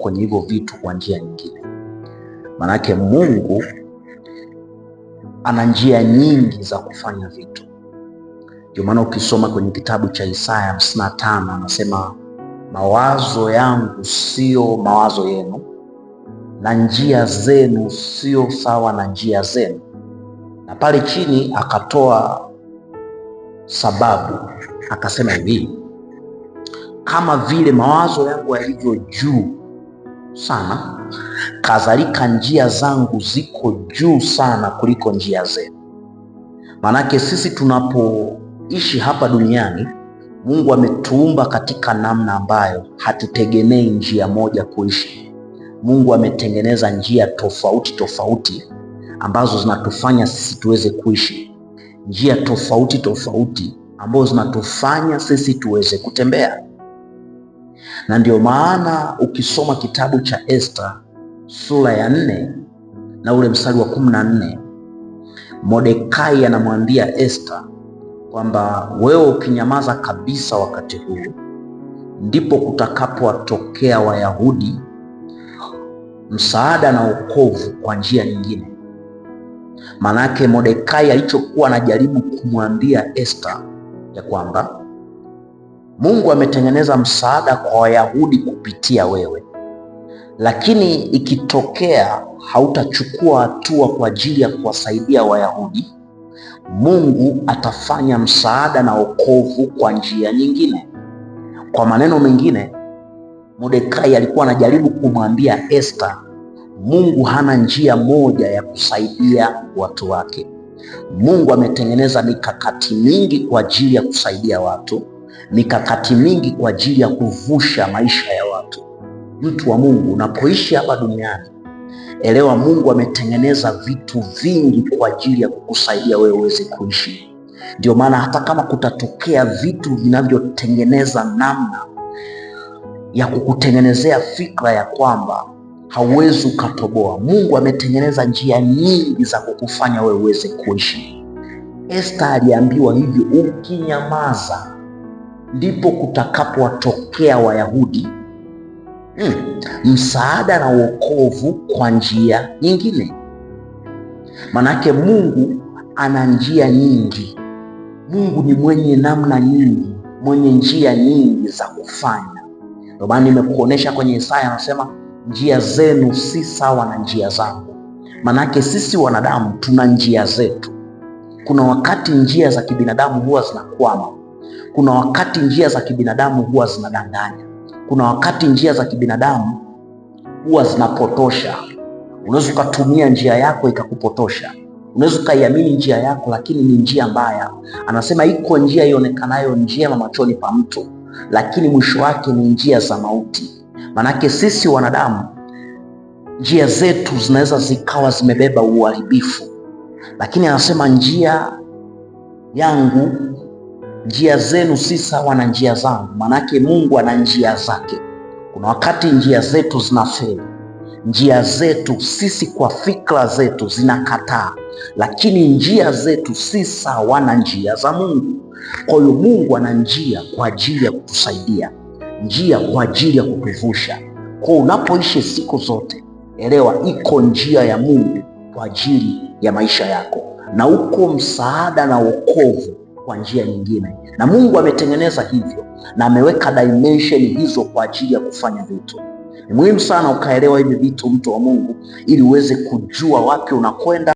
kwenye hivyo vitu kwa njia nyingine. Maanake Mungu ana njia nyingi za kufanya vitu. Ndio maana ukisoma kwenye kitabu cha Isaya 55 anasema mawazo yangu sio mawazo yenu na njia zenu sio sawa na njia zenu. Na pale chini akatoa sababu akasema hivi, kama vile mawazo yangu yalivyo juu sana, kadhalika njia zangu ziko juu sana kuliko njia zenu. Maanake sisi tunapoishi hapa duniani, Mungu ametuumba katika namna ambayo hatutegemei njia moja kuishi. Mungu ametengeneza njia tofauti tofauti ambazo zinatufanya sisi tuweze kuishi, njia tofauti tofauti ambazo zinatufanya sisi tuweze kutembea na ndio maana ukisoma kitabu cha Esta sura ya nne na ule mstari wa kumi na nne Mordekai anamwambia Esta kwamba wewe ukinyamaza kabisa wakati huu ndipo kutakapowatokea Wayahudi msaada na wokovu kwa njia nyingine. Maanake Mordekai alichokuwa anajaribu kumwambia Esta ya kwamba Mungu ametengeneza msaada kwa Wayahudi kupitia wewe, lakini ikitokea hautachukua hatua kwa ajili ya kuwasaidia Wayahudi, Mungu atafanya msaada na wokovu kwa njia nyingine. Kwa maneno mengine, Mordekai alikuwa anajaribu kumwambia Esta, Mungu hana njia moja ya kusaidia watu wake. Mungu ametengeneza mikakati mingi kwa ajili ya kusaidia watu mikakati mingi kwa ajili ya kuvusha maisha ya watu. Mtu wa Mungu, unapoishi hapa duniani, elewa Mungu ametengeneza vitu vingi kwa ajili ya kukusaidia wewe uweze kuishi. Ndio maana hata kama kutatokea vitu vinavyotengeneza namna ya kukutengenezea fikra ya kwamba hauwezi ukatoboa, Mungu ametengeneza njia nyingi za kukufanya wewe uweze kuishi. Esta aliambiwa hivyo, ukinyamaza ndipo kutakapowatokea Wayahudi hmm, msaada na uokovu kwa njia nyingine. Manake Mungu ana njia nyingi. Mungu ni mwenye namna nyingi, mwenye njia nyingi za kufanya. Ndio maana nimekuonyesha kwenye Isaya, anasema njia zenu si sawa na njia zangu. Manake sisi wanadamu tuna njia zetu. Kuna wakati njia za kibinadamu huwa zinakwama kuna wakati njia za kibinadamu huwa zinadanganya, kuna wakati njia za kibinadamu huwa zinapotosha. Unaweza ukatumia njia yako ikakupotosha, unaweza ukaiamini njia yako, lakini ni njia mbaya. Anasema iko njia ionekanayo njema machoni pa mtu, lakini mwisho wake ni njia za mauti. Manake sisi wanadamu njia zetu zinaweza zikawa zimebeba uharibifu, lakini anasema njia yangu njia zenu si sawa na njia zangu. Maanake Mungu ana njia zake. Kuna wakati njia zetu zinafeli, njia zetu sisi kwa fikra zetu zinakataa, lakini njia zetu si sawa na njia za Mungu. Kwa hiyo Mungu ana njia kwa ajili ya kutusaidia, njia kwa ajili ya kutuvusha. Kwa unapoishi siku zote, elewa iko njia ya Mungu kwa ajili ya maisha yako, na uko msaada na wokovu kwa njia nyingine, na Mungu ametengeneza hivyo na ameweka dimension hizo kwa ajili ya kufanya vitu. Ni muhimu sana ukaelewa hivi vitu, mtu wa Mungu, ili uweze kujua wapi unakwenda.